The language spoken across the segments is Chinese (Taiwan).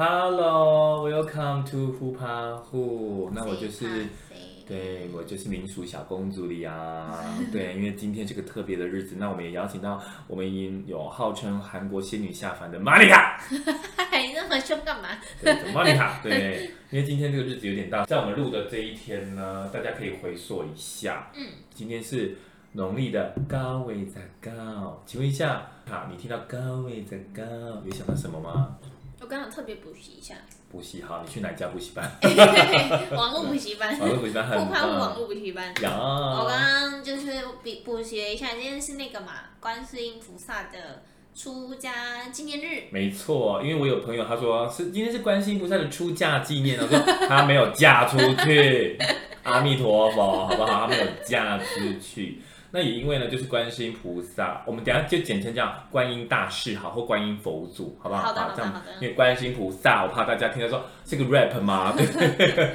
Hello, welcome to 貴胖虎。那我就是，誰怕誰對我就是民俗小公主的呀。 對，因為今天是個特別的日子，那我們也邀請到我們已經有號稱韓國仙女下凡的瑪利卡。你 那麼凶幹嘛？ 對瑪利卡，對，因為今天這個日子有點大，在我們錄的這一天呢，大家可以回溯一下。嗯，今天是農曆的高位在高，請問一下，好，你聽到高位在高，有想到什麼嗎？我剛剛特別補習一下，補習，好，你去哪家補習班？ 網絡補習班，網絡習酷派酷網絡補習班。嗯、我剛剛就是補習了一下，今天是那個嘛，觀世音菩薩的出家紀念日。沒錯，因為我有朋友他說是今天是觀世音菩薩的出嫁紀念，我 說他沒有嫁出去， 阿彌陀佛，好不好？他沒有嫁出去。那也因為呢，就是觀音菩薩，我們等一下就簡稱這樣，觀音大士好，或觀音佛祖，好不好？好，好因為觀音菩薩，我怕大家聽到說是個 rap 嘛，對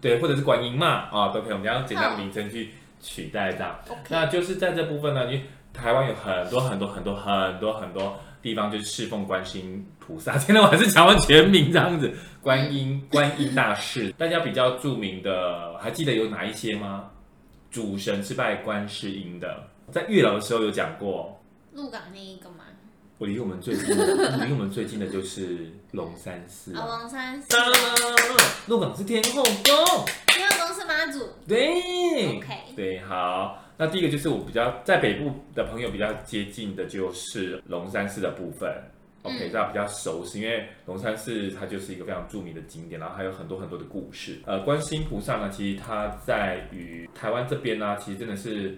對，或者是觀音嘛，啊、哦，都可以。我們要簡單的名稱去取代這樣。好那就是在這部分呢，因為台灣有很多很多很多很多很多地方就是侍奉觀音菩薩，今天我還是講完全名這樣子，觀音、嗯、觀音大士， 大家比較著名的，還記得有哪一些嗎？主神是拜觀世音的，在月老的時候有講過。鹿港那一個嘛。我離我們最近的，離 我們最近的就是龍山寺啊。啊，龍山寺。大陸，鹿港是天後宮。天後宮是媽祖。對。OK。對，好。那第一個就是我比較在北部的朋友比較接近的，就是龍山寺的部分。OK，大家比較熟悉，因為龍山寺它就是一個非常著名的景點，然後還有很多很多的故事。呃，觀世音菩薩呢，其實他在於台灣這邊呢，啊，其實真的是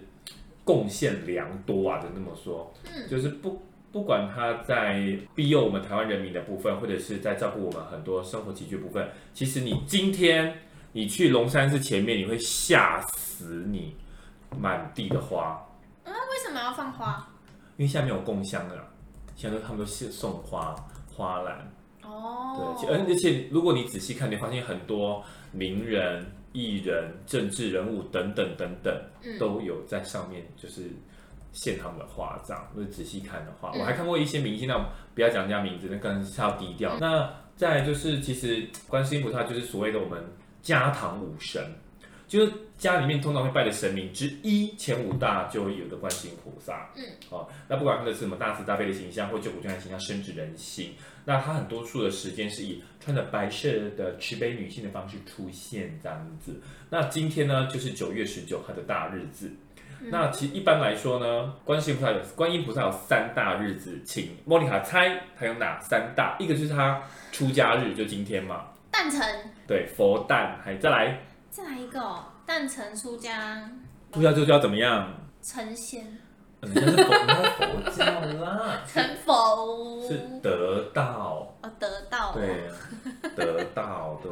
貢獻良多啊，能這麼說。嗯。就是不不管他在庇佑我們台灣人民的部分，或者是在照顧我們很多生活起居部分，其實你今天你去龍山寺前面，你會嚇死你滿地的花。嗯，為什麼要放花？因為下面有供香的。現在他們都送花花籃哦，oh. 對，而且如果你仔細看，你發現很多名人、藝人、政治人物等等等等，都有在上面就是獻他們的花籃。如果仔細看的話，嗯、我還看過一些明星，那不要講人家名字，那更是不低調。那再就是，其實觀世音菩薩就是所謂的我們家堂武神，就是家裡面通常會拜的神明之一，前五大就會有的觀世音菩薩。嗯，好、哦，那不管他是什麼大慈大悲的形象，或救苦救難形象，甚至人性，那他很多數的時間是以穿着白色的慈悲女性的方式出現這樣子。那今天呢，就是九月十九號的大日子。嗯、那其實一般來說呢，觀世音菩薩有觀音菩薩有三大日子，請莫妮卡猜，他有哪三大？一個就是他出家日，就今天嘛。誕辰。對，佛誕，還再來。再來一個，誕辰出家，出家就叫怎麼樣？成仙？那是佛，佛教啦。成佛是得道。哦，得道。對，得道對。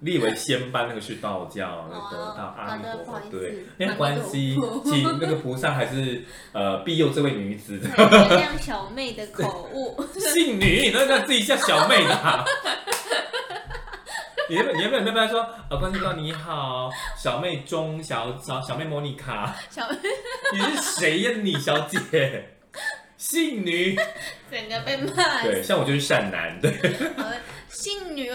你以為仙班那個是道教？那得道阿彌陀佛，對，沒關係，請那個菩薩還是呃庇佑這位女子。原諒小妹的口誤，信女，那那自己叫小妹啊。原本原本原本說，啊、哦，觀眾朋友你好，小妹鍾小小小妹莫妮卡，小妹，小妹 你是誰呀你小姐，信 女，整個被罵，對，像我就是善男，對，信、呃、女，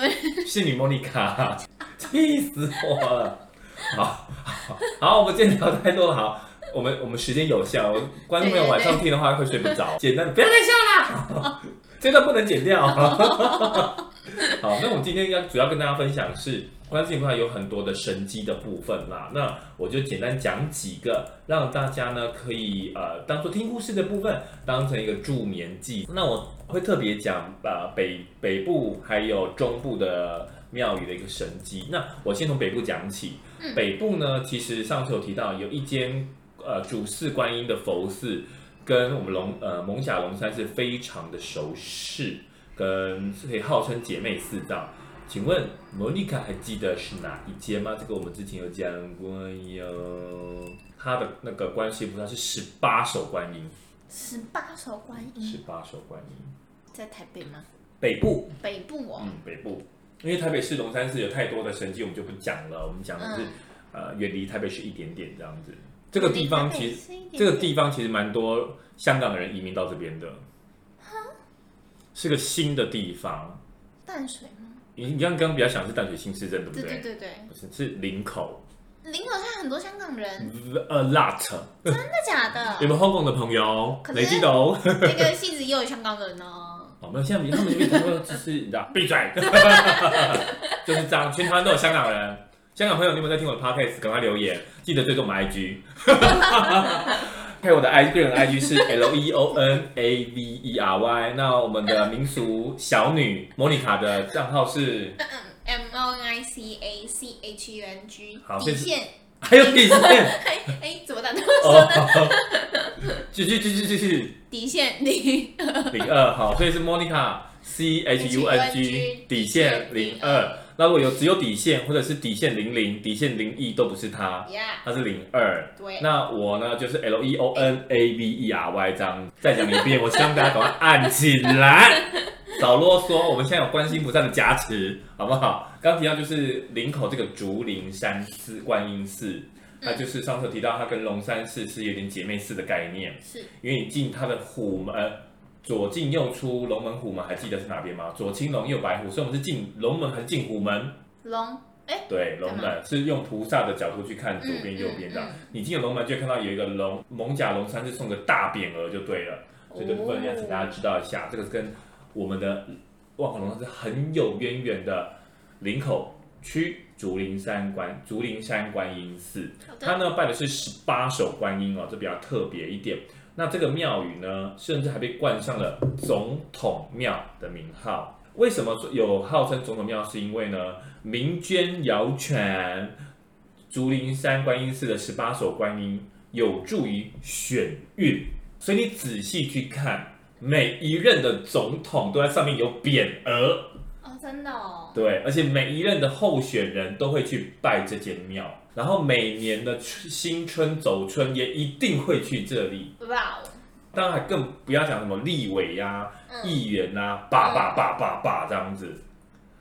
信女莫妮卡，氣死我了，好，好，好我們今天聊太多了，好，我們我們時間有限，觀眾朋友晚上聽的話對對對會睡不着，簡單的不要再笑了，真的不能剪掉。 好，那我今天要主要跟大家分享是，觀世音有很多的神蹟的部分啦，那我就簡單講幾個，讓大家呢可以呃當做聽故事的部分，當成一個助眠劑。那我會特別講，把、呃、北北部還有中部的廟宇的一個神蹟，那我先從北部講起，北部呢其實上次有提到，有一間呃主祀觀音的佛寺，跟我們龍呃艋舺龍山是非常的熟識。跟是可以號稱姐妹四道，請問 Monica 還記得是哪一間嗎？這個我們之前有講過有，有他的那個關係菩薩是十八手觀音。十八手觀音。十八手觀音。在台北嗎？北部。北部哦。嗯，北部。因為台北市龍山寺有太多的神蹟，我們就不講了。我們講的是、嗯、呃，遠離台北市一點點這樣子。這個地方其實，點點這個地方其實蠻多香港的人移民到這邊的。是個新的地方，淡水嗎？你你剛剛比較想的是淡水新市鎮，對不對？對對對對，不是，是林口。林口像很多香港人，a lot。真的假的？ 有沒有香港的朋友？雷擊狗，那個戲子也有香港人哦。哦，沒有，現在他們他多、就是，只是 你知道，閉嘴。 就是這樣，全台灣都有香港人。香港朋友，你有沒有在聽我的 podcast，趕快留言，記得追蹤我們 IG。 配我的個人 I G 是 L E O N A V E R Y。那我們的民俗小女莫妮卡的賬號是 M O N I C A C H U N G。底線，還有底線？哎，怎麼打哦，這麼多呢？繼續繼續繼續！底線零零二，好，所以是莫妮卡 c C H U N G 底線零二。那如果有只有底線，或者是底線零零、底線零一都不是它，它 Yeah. 是零二對。那我呢就是 L E O N A B E R Y。張，再講一遍， 我希望大家趕快按起來，少囉嗦。我們現在有觀音菩薩的加持，好不好？剛提到就是林口這個竹林山寺、觀音寺，嗯、那就是上次提到它跟龍山寺是有點姐妹似的概念，是，因為你進它的虎門。左進右出，龍門虎門，還記得是哪邊嗎？左青龍，右白虎，所以我們是進龍門，還是進虎門。龍，哎，對，龍門麼是用菩薩的角度去看，左邊右邊的。嗯嗯、你進了龍門，就看到有一個龍，艋舺龍山是送個大匾額就對了，所以這部分要請大家知道一下，哦、這個是跟我們的萬華龍山是很有淵源的。林口區竹林山觀竹林山觀音寺，它、哦、呢拜的是十八手觀音哦，這比較特別一點。那這個廟宇呢，甚至還被冠上了總統廟的名號。為什麼說有號稱總統廟？是因為呢，民間謠傳，竹林山觀音寺的十八手觀音有助於選運，所以你仔細去看，每一任的總統都在上面有匾額。真的哦。對，而且每一任的候選人都會去拜這間廟，然後每年的春新春走春也一定會去這裡。哇！當然還更不要講什麼立委呀、啊、嗯、議員啊爸爸爸爸爸這樣子。嗯、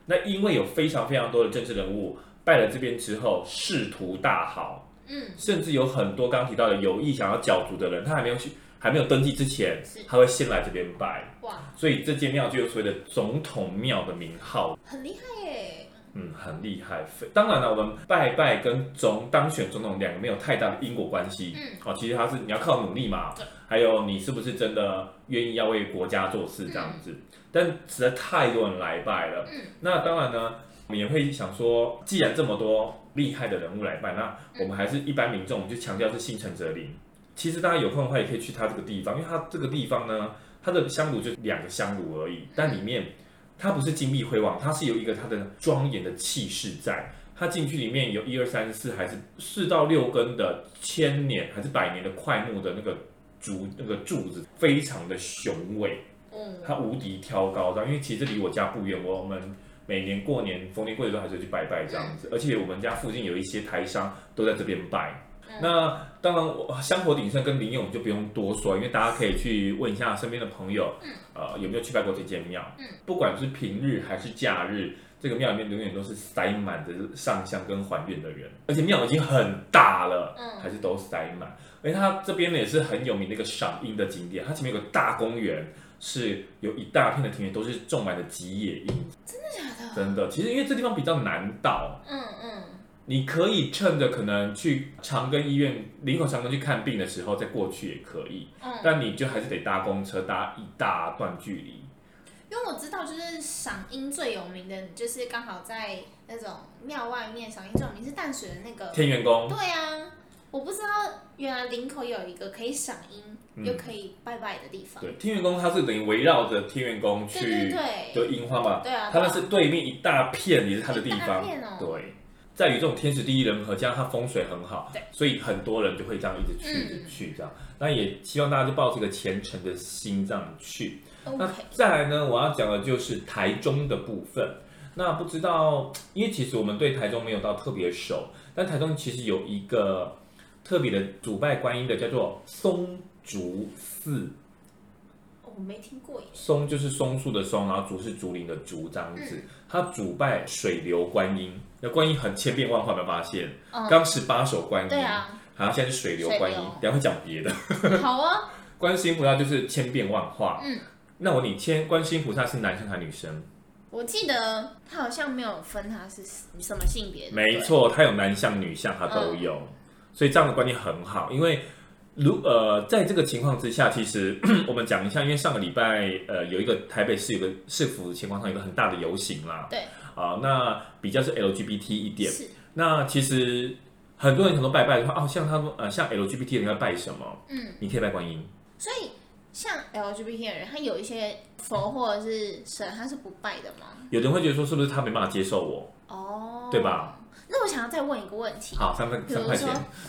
那因為有非常非常多的政治人物拜了這邊之後，仕途大好。嗯、甚至有很多剛提到的有意想要角逐的人，他還沒有去。還沒有登記之前，他會先來這邊拜哇。所以這間廟就是所謂的總統廟的名號，很厲害耶。嗯，很厲害。當然了，我們拜拜跟總當選總統兩個沒有太大的因果關係。嗯、哦，其實他是你要靠努力嘛。對還有你是不是真的願意要為國家做事這樣子？嗯、但實在太多人來拜了。嗯。那當然呢，我們也會想說，既然這麼多厲害的人物來拜，那我們還是一般民眾我們就強調是心誠則靈。其實大家有空的話也可以去它這個地方，因為它這個地方呢，它的香爐就兩個香爐而已，但裡面它不是金碧輝煌，它是有一個它的莊嚴的氣勢在。它進去裡面有一二三四，還是四到六根的千年還是百年的檜木的那個竹那個柱子，非常的雄偉。嗯，它無敵挑高，因為其實離我家不遠，我們每年過年、逢年過節都還是去拜拜這樣子，而且我們家附近有一些台商都在這邊拜。嗯、那當然我，香火鼎盛跟靈勇就不用多說，因為大家可以去問一下身邊的朋友，嗯、呃，有沒有去拜過這間廟？嗯，不管是平日還是假日，這個廟裡面永遠都是塞滿的上香跟還願的人，而且廟已經很大了，嗯，還是都塞滿。嗯、而且它這邊呢也是很有名的一個賞櫻的景點，它前面有個大公園，是有一大片的庭園，都是種滿的吉野櫻。真的假的？真的，其實因為這地方比較難到、嗯。嗯嗯。你可以趁着可能去長庚醫院林口長庚去看病的時候再過去也可以，嗯，但你就還是得搭公車搭一大段距離。因為我知道，就是賞櫻最有名的就是剛好在那種廟外面賞櫻最有名是淡水的那個天元宮，對啊，我不知道原來林口有一個可以賞櫻、嗯、又可以拜拜的地方。對，天元宮它是等於圍繞着天元宮去的櫻花嘛，對，對啊，它、啊、那是對面一大片也是它的地方，哦、對。在於這種天時地利人和，加上它風水很好，對所以很多人就會這樣一直去、嗯、一直去這樣。那也希望大家就抱著一個虔誠的心這樣去。Okay 那再來呢，我要講的就是台中的部分。那不知道，因為其實我們對台中沒有到特別熟，但台中其實有一個特別的主拜觀音的，叫做松竹寺。我沒聽過。松就是松樹的松，然後竹是竹林的竹，這樣子，嗯、他主拜水流觀音，那觀音很千變萬化，沒有發現？嗯，剛十八手觀音，嗯，對啊，好、啊，現在是水流觀音，流等下會講別的。 好啊，觀世音菩薩就是千變萬化。嗯，那我問你千觀世音菩薩是男生還是女生？我記得他好像沒有分他是什麼性別。沒錯，他有男相女相，他都有，嗯、所以這樣的觀念很好，因為。如呃，在這個情況之下，其實我們講一下，因為上個禮拜呃有一個台北市有個市府情況上有一個很大的遊行啦。對。啊、呃，那比較是 LGBT 一點。是。那其實很多人可能拜拜的話，哦、啊，像他們呃像 LGBT 人家拜什麼？嗯，你可以拜觀音。所以。像 LGBT 的人，他有一些佛或者是神，他是不拜的嗎？有的人會覺得說，是不是他沒辦法接受我？哦，oh, 對吧？那我想要再問一個問題？好，三分比如說三塊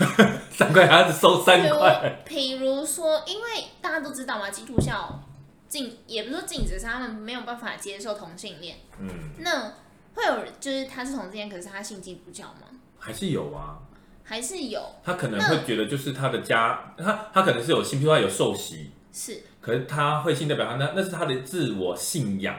錢， 三塊他是收三塊比？比如說，因為大家都知道嘛，基督教禁，也不是說禁止，是他們沒有辦法接受同性戀。嗯，那會有人，就是他是同性戀，可是他信基督教嗎？還是有啊？還是有。他可能會覺得，就是他的家，那他他可能是有新婚，有受洗，是，可是他會信代表他那、那是他的自我信仰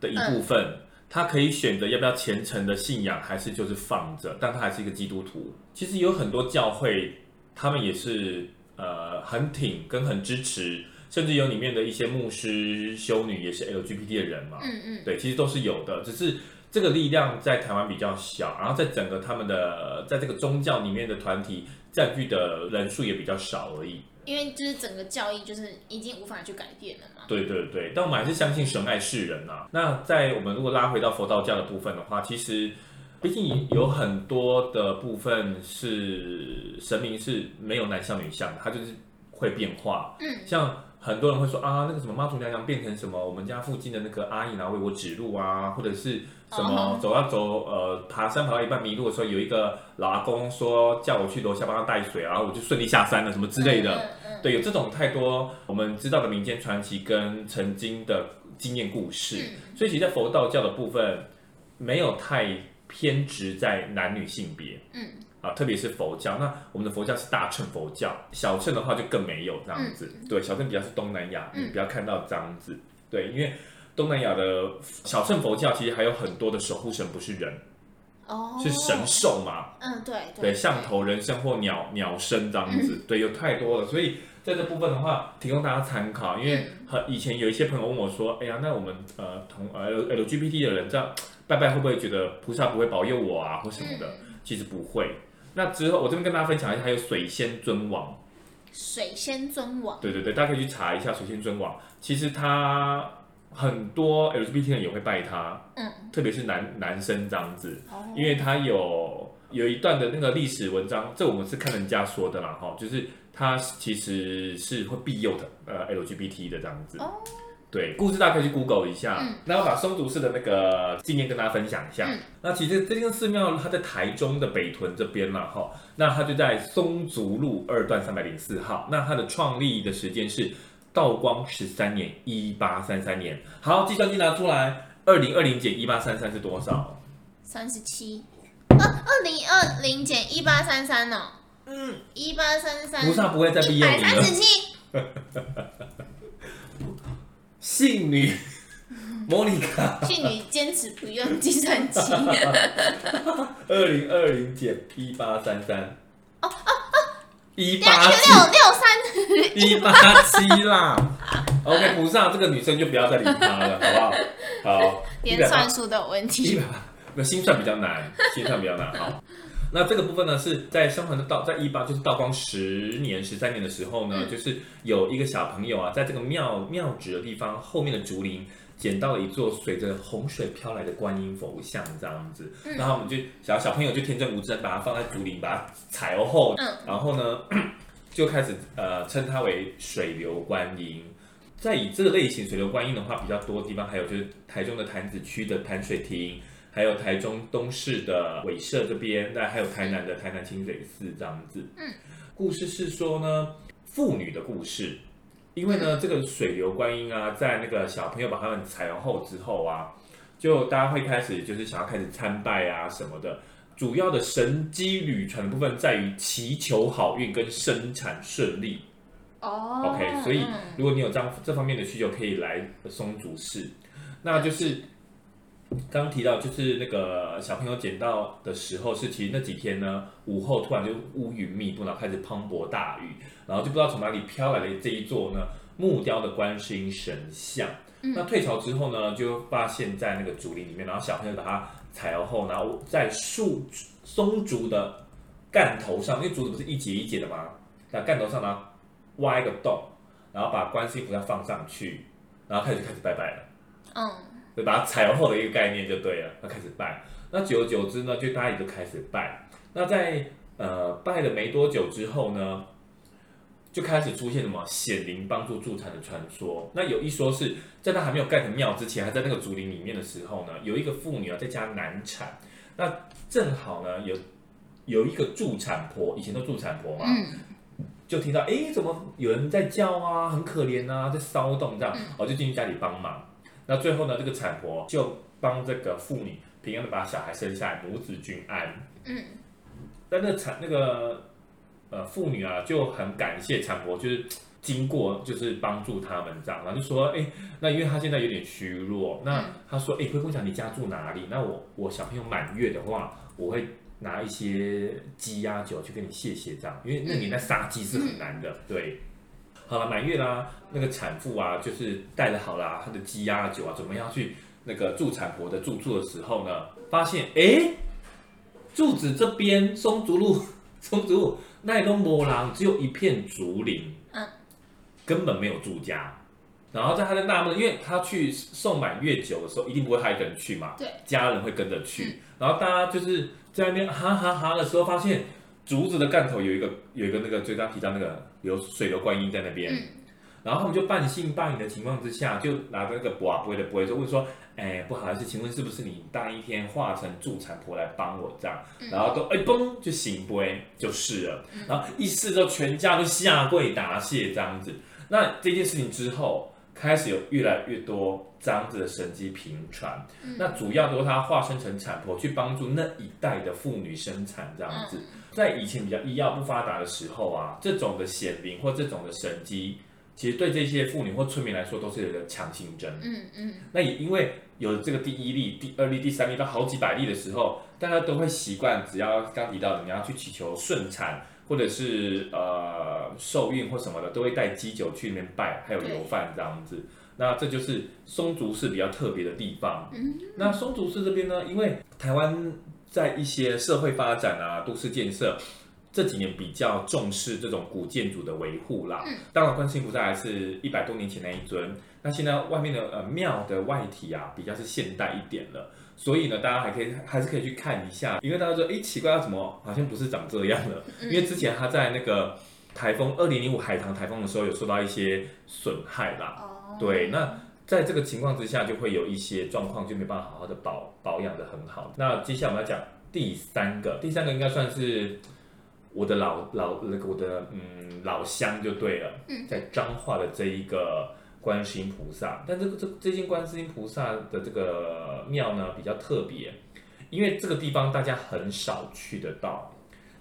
的一部分，嗯、他可以選擇要不要虔誠的信仰，還是就是放着，但他還是一個基督徒。其實有很多教會，他們也是呃很挺跟很支持，甚至有裡面的一些牧師、修女也是 LGBT 的人嘛，嗯嗯，對，其實都是有的，只是這個力量在台灣比較小，然後在整個他們的在這個宗教裡面的團體佔據的人數也比較少而已。因為就是整個教義就是已經無法去改變了嘛。對對對，但我們還是相信神愛世人吶、啊。那在我們如果拉回到佛道教的部分的話，其實畢竟有很多的部分是神明是沒有男相女相的，它就是會變化。嗯，像很多人會說啊，那個什麼媽祖娘娘變成什麼我們家附近的那個阿姨呢、啊，為我指路啊，或者是。什麼走啊走，呃，爬山爬到一半迷路的時候，有一個老阿公說叫我去樓下幫他帶水，然後我就順利下山了，什麼之類的。對，有這種太多我們知道的民間傳奇跟曾經的經驗故事。所以其實在佛道教的部分沒有太偏執在男女性別，嗯，啊，特別是佛教，那我們的佛教是大乘佛教，小乘的話就更沒有這樣子。對，小乘比較是東南亞，嗯，比較看到這樣子，對，因為。東南亞的小乘佛教其實還有很多的守護神不是人，哦，oh, 是神獸嘛？嗯，對，對，象頭人身或鳥鳥身這樣子，嗯、對，有太多了。所以在這部分的話，提供大家參考，因為和以前有一些朋友問我說：“嗯、哎呀，那我們呃同呃呃 LGBT 的人這樣拜拜會不會覺得菩薩不會保佑我啊，或什麼的？”嗯、其實不會。那之後我這邊跟大家分享一下，還有水仙尊王，水仙尊王，對對對，大家可以去查一下水仙尊王，其實它。很多 LGBT 人也會拜他，嗯，特別是男男生這樣子，哦、因為他有有一段的那個歷史文章，這我們是看人家說的啦，哈，就是他其實是會庇佑的，呃，LGBT 的這樣子，哦，對，故事大家可以去 Google 一下，那、嗯、我把松竹寺的那個紀念跟大家分享一下，嗯、那其實這間寺廟它在台中的北屯這邊啦，哈，那它就在松竹路二段三百零四號，那它的創立的時間是。道光十三年，一八三三年。好，計算機拿出來，二零二零減一八三三是多少？三十七。二零二零減一八三三哦。嗯，一八三三。菩薩不會再畢業了。一百三十七。信 女，嗯、莫妮卡。信女，堅持不用計算機。二零二零減一八三三。哦哦。7, 一八六六三，一八七啦。OK，菩薩這個女生就不要再理她了，好不好？好。連算數都有問題。那心算比較難，心算比較難。好， 那這個部分呢，是在相傳的道，在一八就是道光十年十三年的時候呢，嗯、就是有一個小朋友啊，在這個廟廟址的地方後面的竹林。撿到了一座隨着洪水飄來的觀音佛像，這樣子，然後我們就小小朋友就天真無知，把它放在竹林，把它踩了後，然後呢就開始呃稱它為水流觀音。在以這個類型水流觀音的話比較多的地方，還有就是台中的潭子區的潭水亭，還有台中東勢的尾社這邊，那還有台南的台南清水寺這樣子。嗯，故事是說呢，婦女的故事。因為呢，這個水流觀音啊，在那個小朋友把他們採完後之後啊，就大家會開始就是想要開始參拜啊什麼的。主要的神機旅程部分在於祈求好運跟生產順利。哦，Oh，OK，所以如果你有這這方面的需求，可以來松竹寺，那就是。剛提到就是那個小朋友撿到的時候是，其實那幾天呢，午後突然就烏雲密布，然後開始磅礴大雨，然後就不知道從哪裡飄來了這一座呢木雕的觀世音神像。嗯、那退潮之後呢，就發現在那個竹林裡面，然後小朋友把它採了後呢，然後在樹松竹的干頭上，因為竹子不是一節一節的嗎？那干頭上呢挖一個洞，然後把觀音菩薩放上去，然後開始開始拜拜了。嗯、哦。對，就把它踩完後的一個概念就對了。他開始拜，那久而久之呢，就大家也就開始拜。那在呃拜了沒多久之後呢，就開始出現什麼顯靈幫助助產的傳說。那有一說是在他還沒有蓋成廟之前，還在那個竹林裡面的時候呢，有一個婦女啊在家難產，那正好呢有有一個助產婆，以前都助產婆嘛，就聽到哎怎麼有人在叫啊，很可憐啊，在騷動這樣，我就進去家裡幫忙。那最後呢，這個產婆就幫這個婦女平安的把小孩生下來，母子均安。嗯。但那產、個、那個呃婦女啊就很感謝產婆，就是經過就是幫助他們這樣，然後就說哎、欸，那因為她現在有點虛弱，那她說哎，可以分享你家住哪裡？那我我小朋友滿月的話，我會拿一些雞呀、酒去跟你謝謝這樣，因為那你那殺雞是很難的，嗯、對。好了，滿月啦、啊，那個產婦啊，就是帶、啊、的好啦、啊，她的雞鴨酒啊，怎麼樣去那個助產婆的住處的時候呢？發現，誒住址這邊松竹路，松竹路那一個磨廊只有一片竹林，嗯，根本沒有住家。啊、然後在他的納悶，因為他去送滿月酒的時候，一定不會他一個人去嘛，對，家人會跟着去。嗯、然後大家就是在那邊哈，哈哈哈的時候，發現。竹子的干頭有一個有一個那個，最剛提到那個有水流觀音在那邊，嗯、然後他們就半信半疑的情況之下，就拿那個跋杯的杯，就問說：“哎，不好意思，請問是不是你當一天化成助產婆來幫我這樣？”嗯、然後都哎嘣，就聖杯就是了，嗯、然後一試之後，全家都下跪答謝這樣子。那這件事情之後，開始有越來越多這樣子的神跡頻傳，嗯、那主要都是他化身成產婆去幫助那一代的婦女生產這樣子。嗯在以前比較醫藥不發達的時候啊，這種的顯靈或這種的神蹟，其實對這些婦女或村民來說都是一個強心針。嗯嗯。那也因為有這個第一例、第二例、第三例到好幾百例的時候，大家都會習慣，只要剛提到你要去祈求順產，或者是呃受孕或什麼的，都會帶雞酒去那邊拜，還有油飯這樣子。對那這就是松竹寺比較特別的地方。嗯。嗯，那松竹寺這邊呢，因為台灣。在一些社會發展啊，都市建設，這幾年比較重視這種古建築的維護啦。嗯。當然，觀音佛祖還是一百多年前那一尊。那現在外面的呃廟的外體啊，比較是現代一點了。所以呢，大家還可以還是可以去看一下，因為大家說哎奇怪，啊、怎麼好像不是長這樣了？嗯、因為之前他在那個台風二零零五海棠台風的時候有受到一些損害啦。哦、對，那。在這個情況之下，就會有一些狀況，就沒辦法好好的保保養得很好的。那接下來我們要講第三個，第三個應該算是我的老老那個我的嗯老鄉就對了，在彰化的這一個觀世音菩薩。但這個這這間觀世音菩薩的這個廟呢，比較特別，因為這個地方大家很少去得到，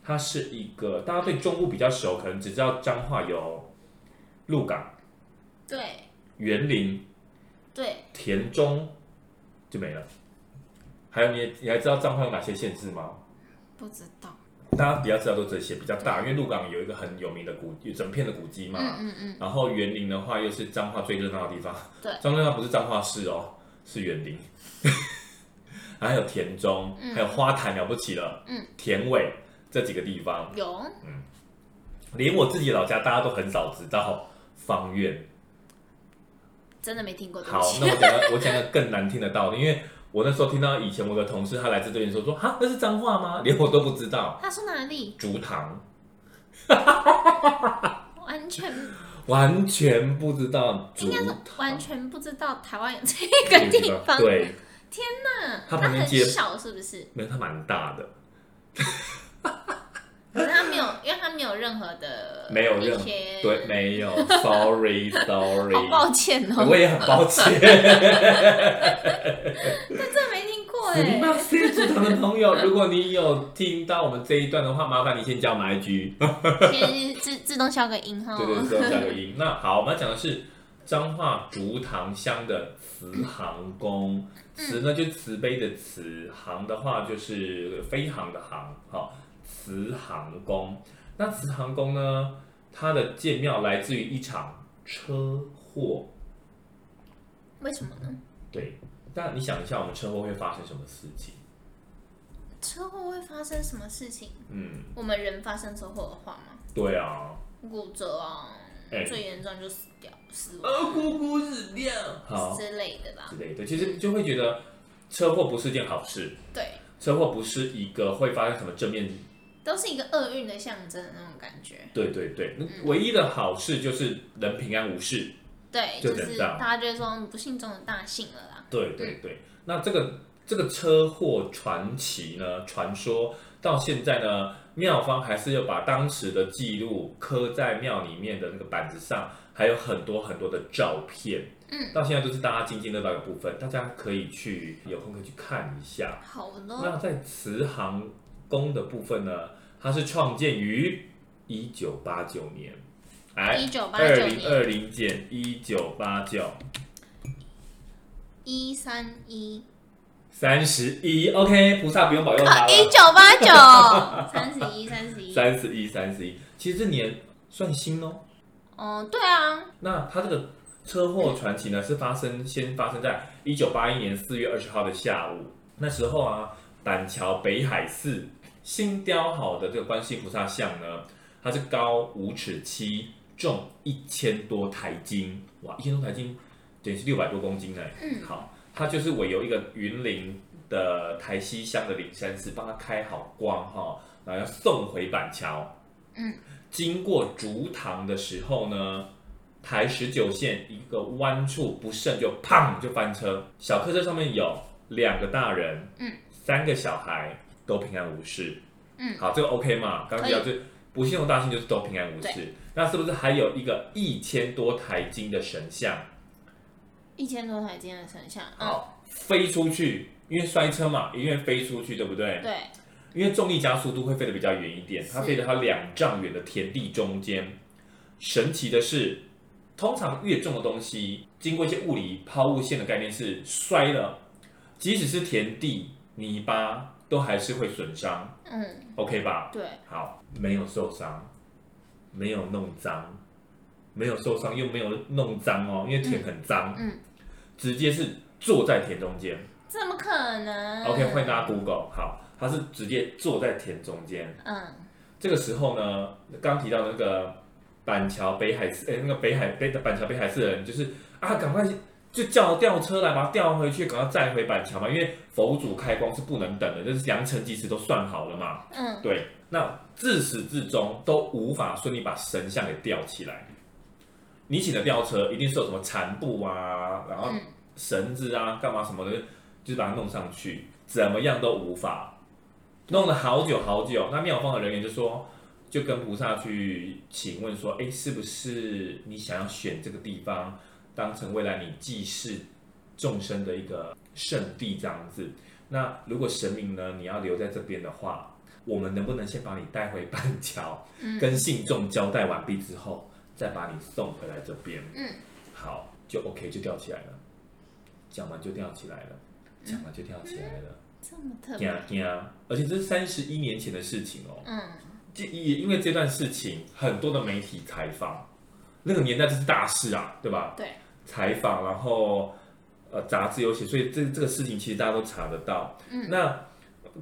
它是一個大家對中部比較熟，可能只知道彰化有鹿港，對，員林。對，田中就沒了。還有你，你還知道彰化有哪些限制嗎？不知道。大家比較知道都這些比較大，因為鹿港有一個很有名的古，有整片的古蹟嘛。嗯嗯，嗯然後員林的話，又是彰化最熱鬧的地方。對，彰化不是彰化市哦，是員林。 還有田中，嗯、還有花壇了不起了。嗯。田尾這幾個地方有。嗯，嗯。連我自己老家，大家都很少知道芳苑。真的沒聽過。好，那我講個，我講個更難聽的道理， 因為我那時候聽到以前我的同事他來自這邊說說，哈，那是彰化嗎？連我都不知道。他說哪裡？竹塘。 完全， 完全不知道竹塘，應該是完全不知道台灣有這個地方。對，對，對，天哪，它很小是不是？沒有，他蠻大的。 可是他沒有，因為他沒有任何的，沒有任何，對，沒有，sorry sorry，好抱歉哦，我也很抱歉。他真的沒聽過哎。有竹塘的朋友，如果你有聽到我們這一段的話，麻煩你先叫埋一句，先自自動消個音哈。對對，自動消個音。那好，我們要講的是彰化竹塘鄉的慈航宮，慈呢，就慈悲的慈，航的話就是飛航的航。慈航宮，那慈航宮呢？它的建廟來自於一場車禍，為什麼呢？對，但你想一下，我們車禍會發生什麼事情？車禍會發生什麼事情？嗯，我們人發生車禍的話嗎？對啊，骨折啊，最嚴重就死掉，死，呃，骨骨折掉，好，之類的吧，對，對，其實就會覺得車禍不是件好事，對、嗯，車禍不是一個會發生什麼正面。都是一個厄運的象徵的那種感覺。對對對，嗯、唯一的好事就是能平安無事。對，就，人就是這樣。大家覺得說不幸中的大幸了啦。對對對，嗯、那這個這個車禍傳奇呢，傳說到現在呢，廟方還是要把當時的記錄刻在廟裡面的那個板子上，還有很多很多的照片，嗯，到現在都是大家津津樂道的部分，大家可以去有空可以去看一下。好咯。那在慈航。風的部分呢，它是創建於一九八九年，哎，一九八九二零二零減一九八九，一三一三十一，OK，菩薩不用保佑他、啊，一九八九三十一三十一三十一三十一，其實這年算新哦，哦、嗯，對啊，那他這個車禍傳奇呢，是發生對先發生在一九八一年四月二十號的下午，那時候啊，板橋北海寺新雕好的這個觀世音菩薩像呢，它是高五尺七，重一千多台斤，哇，一千多台斤等於是六百多公斤呢。嗯，好，它就是委由一個雲林的台西鄉的靈山寺幫他開好光哈，然、哦、後要送回板橋。嗯，經過竹塘的時候呢，台十九線一個彎處不慎就砰就翻車，小客車上面有兩個大人，嗯，三個小孩。都平安無事，嗯，好，這個 OK 嘛？剛剛提到以不幸中的大幸，就是都平安無事。對那是不是還有一個一千多台斤的神像？一千多台斤的神像，好，嗯、飛出去，因為摔車嘛，因為飛出去，對不對？對。因為重力加速度會飛得比較遠一點，它飛到它兩丈遠的田地中間。是神奇的是，通常越重的東西，經過一些物理拋物線的概念是摔了，即使是田地泥巴。都還是會損傷，嗯，OK 吧？對，好，沒有受傷，沒有弄髒，沒有受傷又沒有弄髒哦，因為田很髒，嗯，嗯，直接是坐在田中間，怎麼可能？OK，歡迎大家 Google，好，他是直接坐在田中間，嗯，這個時候呢，剛提到那個板橋北海，哎，那個北海，北板橋北海市的人，就是啊，趕快去。就叫吊車來把它吊回去，趕快載回板橋嘛。因為佛祖開光是不能等的，那、就是良辰吉時都算好了嘛。嗯，對。那自始至終都無法順利把神像給吊起來。你請的吊車一定是有什麼殘布啊，然後繩子啊，幹嘛什麼的，就把它弄上去，怎麼樣都無法。弄了好久好久，那廟方的人員就說，就跟菩薩去請問說，哎、欸，是不是你想要選這個地方？當成未來你濟世眾生的一個聖地這樣子。那如果神明呢，你要留在這邊的話，我們能不能先把你帶回板橋，嗯、跟信眾交代完畢之後，再把你送回來這邊？嗯，好，就 OK，就吊起來了。講完就吊起來了，嗯、講完就吊起來了。嗯、這麼特別。而且這是三十一年前的事情哦。嗯。這也因為這段事情，很多的媒體採訪，那個年代這是大事啊，對吧？對。採訪，然後呃，雜誌有寫，所以這這個事情其實大家都查得到。嗯，那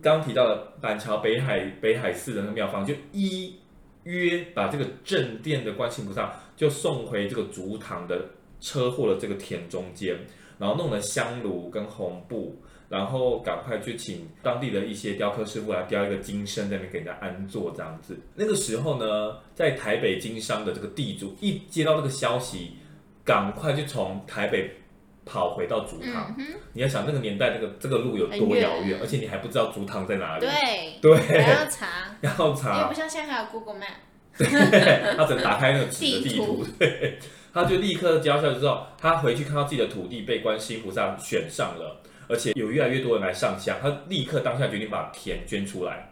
剛提到的板橋北海北海寺的那個廟方，就依約，把這個正殿的觀音菩薩就送回這個竹塘的車禍的這個田中間，然後弄了香爐跟紅布，然後趕快去請當地的一些雕刻師傅來雕一個金身，在那邊給人家安坐這樣子。那個時候呢，在台北經商的這個地主一接到這個消息。趕快就從台北跑回到竹塘，嗯、哼你要想那個年代、那個，這個這個路有多遙遠，遠而且你還不知道竹塘在哪裡。對對，對要查，要查，也不像現在還有 Google map。對他，只能打開那個紙的地圖，地圖對，他就立刻交下，就之後，他回去看到自己的土地被觀音菩薩選上了，而且有越來越多人來上香，他立刻當下決定把田捐出來。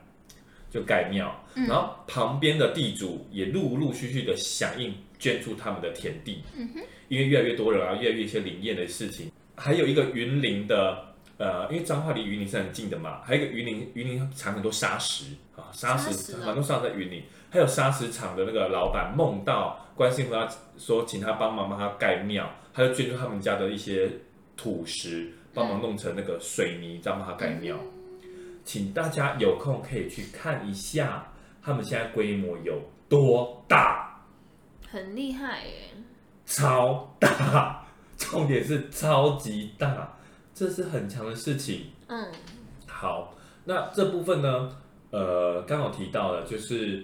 就蓋廟，嗯、然後旁邊的地主也陸陸續續的響應，捐出他們的田地，嗯、哼因為越來越多人啊，越來越一些靈驗的事情，還有一個雲林的，呃，因為彰化離雲林是很近的嘛，還有一個雲林，雲林產很多砂石啊，砂石很多上在雲林，還有砂石廠的那個老闆夢到觀音，他說請他幫忙幫他蓋廟，他就捐出他們家的一些土石，幫忙弄成那個水泥，幫他蓋廟。嗯請大家有空可以去看一下，他們現在規模有多大？很厲害耶！超大，重點是超級大，這是很強的事情。嗯。好，那這部分呢，呃，剛好提到了，就是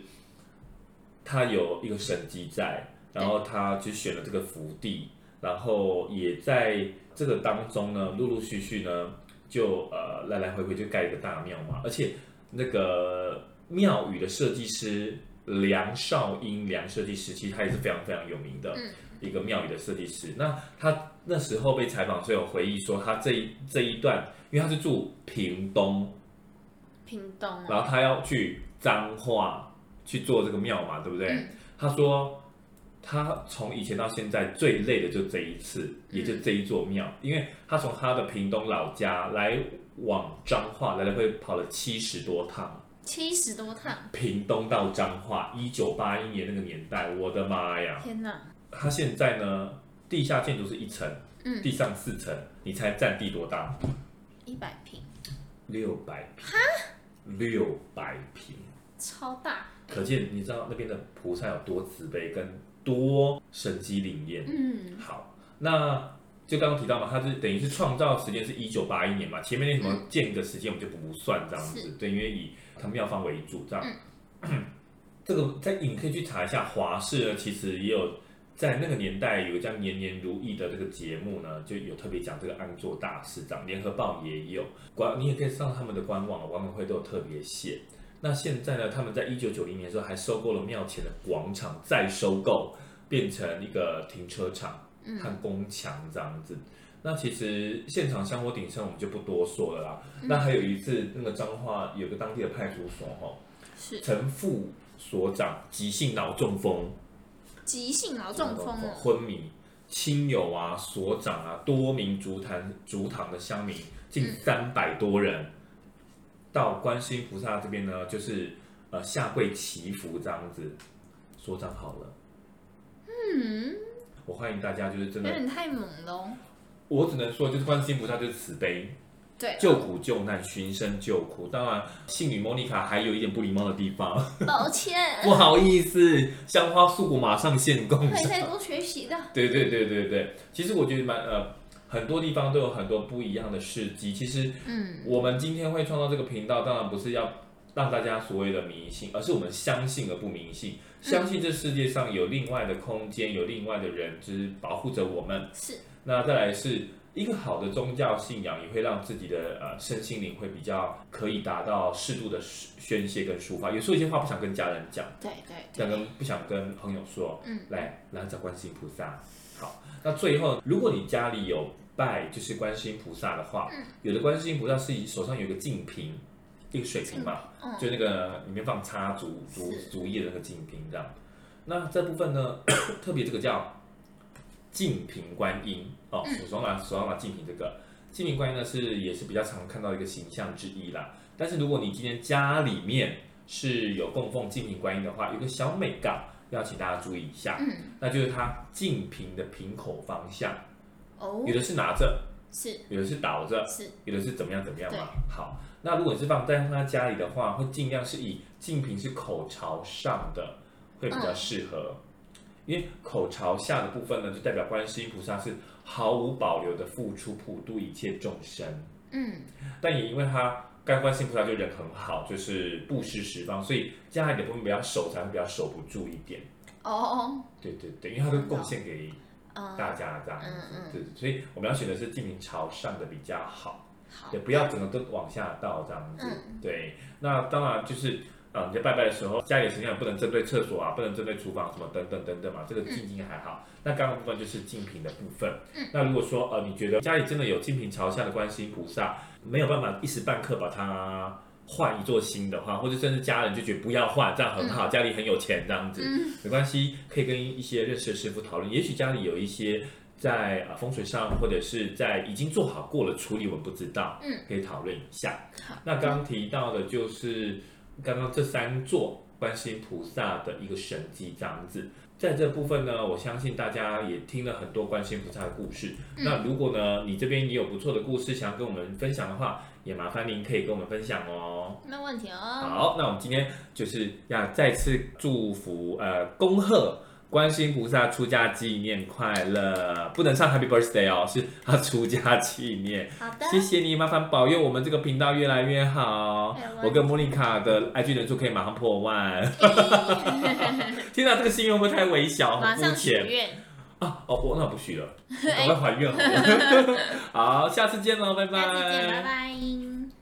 他有一個神蹟在，然後他去選了這個福地，然後也在這個當中呢，陸陸續續呢。就呃，來來回回就蓋一個大廟嘛，而且那個廟宇的設計師梁少英，梁設計師其實他也是非常非常有名的一個廟宇的設計師。嗯、那他那時候被採訪時有回憶說，他這這一段，因為他是住屏東，屏東、啊，然後他要去彰化，去做這個廟嘛，對不對？嗯、他說。他從以前到現在最累的就這一次，嗯、也就這一座廟，因為他從他的屏東老家來往彰化，來回跑了七十多趟。七十多趟。屏東到彰化，一九八一年那個年代，我的媽呀！天哪！他現在呢，地下建築是一層，嗯、地上四層，你猜佔地多大？一百平。六百平。哈？六百平。超大。可見你知道那邊的菩薩有多慈悲，跟。多神機靈驗，嗯，好，那就剛剛提到嘛，它是等於是創造時間是一九八一年嘛，前面那什麼建的時間我們就不，不算這樣子，嗯、對，因為以他們廟方為主這樣。嗯、這個在你可以去查一下，華視呢其實也有在那個年代有叫年年如意的這個節目呢，就有特別講這個安座大事長，這樣聯合報也有管你也可以上他們的官網，管委會都有特別寫。那現在呢？他們在一九九零年的時候還收購了廟前的廣場，再收購變成一個停車場和宮牆這樣子。嗯、那其實現場香火鼎盛，我們就不多說了啦。嗯、那還有一次，那個彰化有個當地的派出所、哦，吼是，是陳副所長急性腦中風，急性腦中風，風風昏迷，親友啊、所長啊，多名竹塘竹塘的鄉民，近三百多人。嗯嗯到觀世音菩薩這邊呢，就是呃下跪祈福這樣子說這樣好了。嗯，我歡迎大家就是真的有點太猛了、哦。我只能說，就是觀世音菩薩就是慈悲，對，救苦救難，尋聲救苦。當然，信女莫妮卡還有一點不禮貌的地方，抱歉， 不好意思，香花素果馬上獻供。還在多學習的。對，對對對對對，其實我覺得蠻呃。很多地方都有很多不一樣的事跡。其實，嗯，我們今天會創造這個頻道，嗯、當然不是要讓大家所謂的迷信，而是我們相信而不迷信，嗯、相信這世界上有另外的空間，有另外的人，就是保護着我們。是。那再來是一個好的宗教信仰，也會讓自己的呃身心靈會比較可以達到適度的宣洩跟抒發。有時候一些話不想跟家人講，對對，對對，想跟不想跟朋友說，嗯，來，來，找觀世音菩薩。好，那最後，如果你家裡有拜就是觀世音菩薩的話，有的觀世音菩薩是以手上有個淨瓶，一個水瓶嘛，就那個裡面放插竹竹竹葉的那個淨瓶這樣。那這部分呢，特別這個叫淨瓶觀音哦，手上拿手上拿淨瓶這個淨瓶觀音呢是也是比較常看到一個形象之一啦。但是如果你今天家裡面是有供奉淨瓶觀音的話，有個小眉角。要請大家注意一下，嗯、那就是它淨瓶的瓶口方向，哦，有的是拿着，是有的是倒着，是有的是怎麼樣怎麼樣嘛。對好，那如果是放在他家裡的話，會盡量是以淨瓶是口朝上的，會比較適合，嗯、因為口朝下的部分呢，就代表觀世音菩薩是毫無保留的付出，普度一切眾生。嗯，但也因為它。蓋觀世音菩薩就人很好，就是布施十方，所以家裡的一部分比較守財，比較守不住一點。哦，哦，對對對，因為他都貢獻給大家 oh. Oh. 這樣子。所以我們要選的是淨瓶朝上的比較好，也、oh. 不要整個都往下倒這樣子。Oh. 對，那當然就是啊、呃，你在拜拜的時候，家裡實際上不能針對廁所啊，不能針對廚房、啊、什麼等等等等嘛。這個進淨還好，嗯、那剛剛部分就是淨瓶的部分。嗯、那如果說呃，你覺得家裡真的有淨瓶朝下的觀世音菩薩，沒有辦法一時半刻把它換一座新的話，或者甚至家人就覺得不要換，這樣很好，嗯、家裡很有錢這樣子，嗯、沒關係，可以跟一些認識的師傅討論，也許家裡有一些在風水上或者是在已經做好過了處理，我們不知道，嗯，可以討論一下。嗯、那剛提到的就是剛剛這三座觀世音菩薩的一個神蹟這樣子。在這部分呢，我相信大家也聽了很多關心菩薩的故事。嗯。那如果呢，你這邊也有不錯的故事想要跟我們分享的話，也麻煩您可以跟我們分享哦。沒問題哦。好，那我們今天就是要再次祝福，呃，恭賀。觀心菩薩出家紀念快樂，不能唱 Happy Birthday 哦，是他出家紀念。好的，謝謝你，麻煩保佑我們這個頻道越來越好。嗯、我跟莫妮卡的 IG 人數可以馬上破萬。嘿嘿嘿嘿 聽到這個心願會不會太微小？很膚淺，馬上許願啊！哦，那不許了，我趕快還願好了。 好，下次見嘍，拜拜。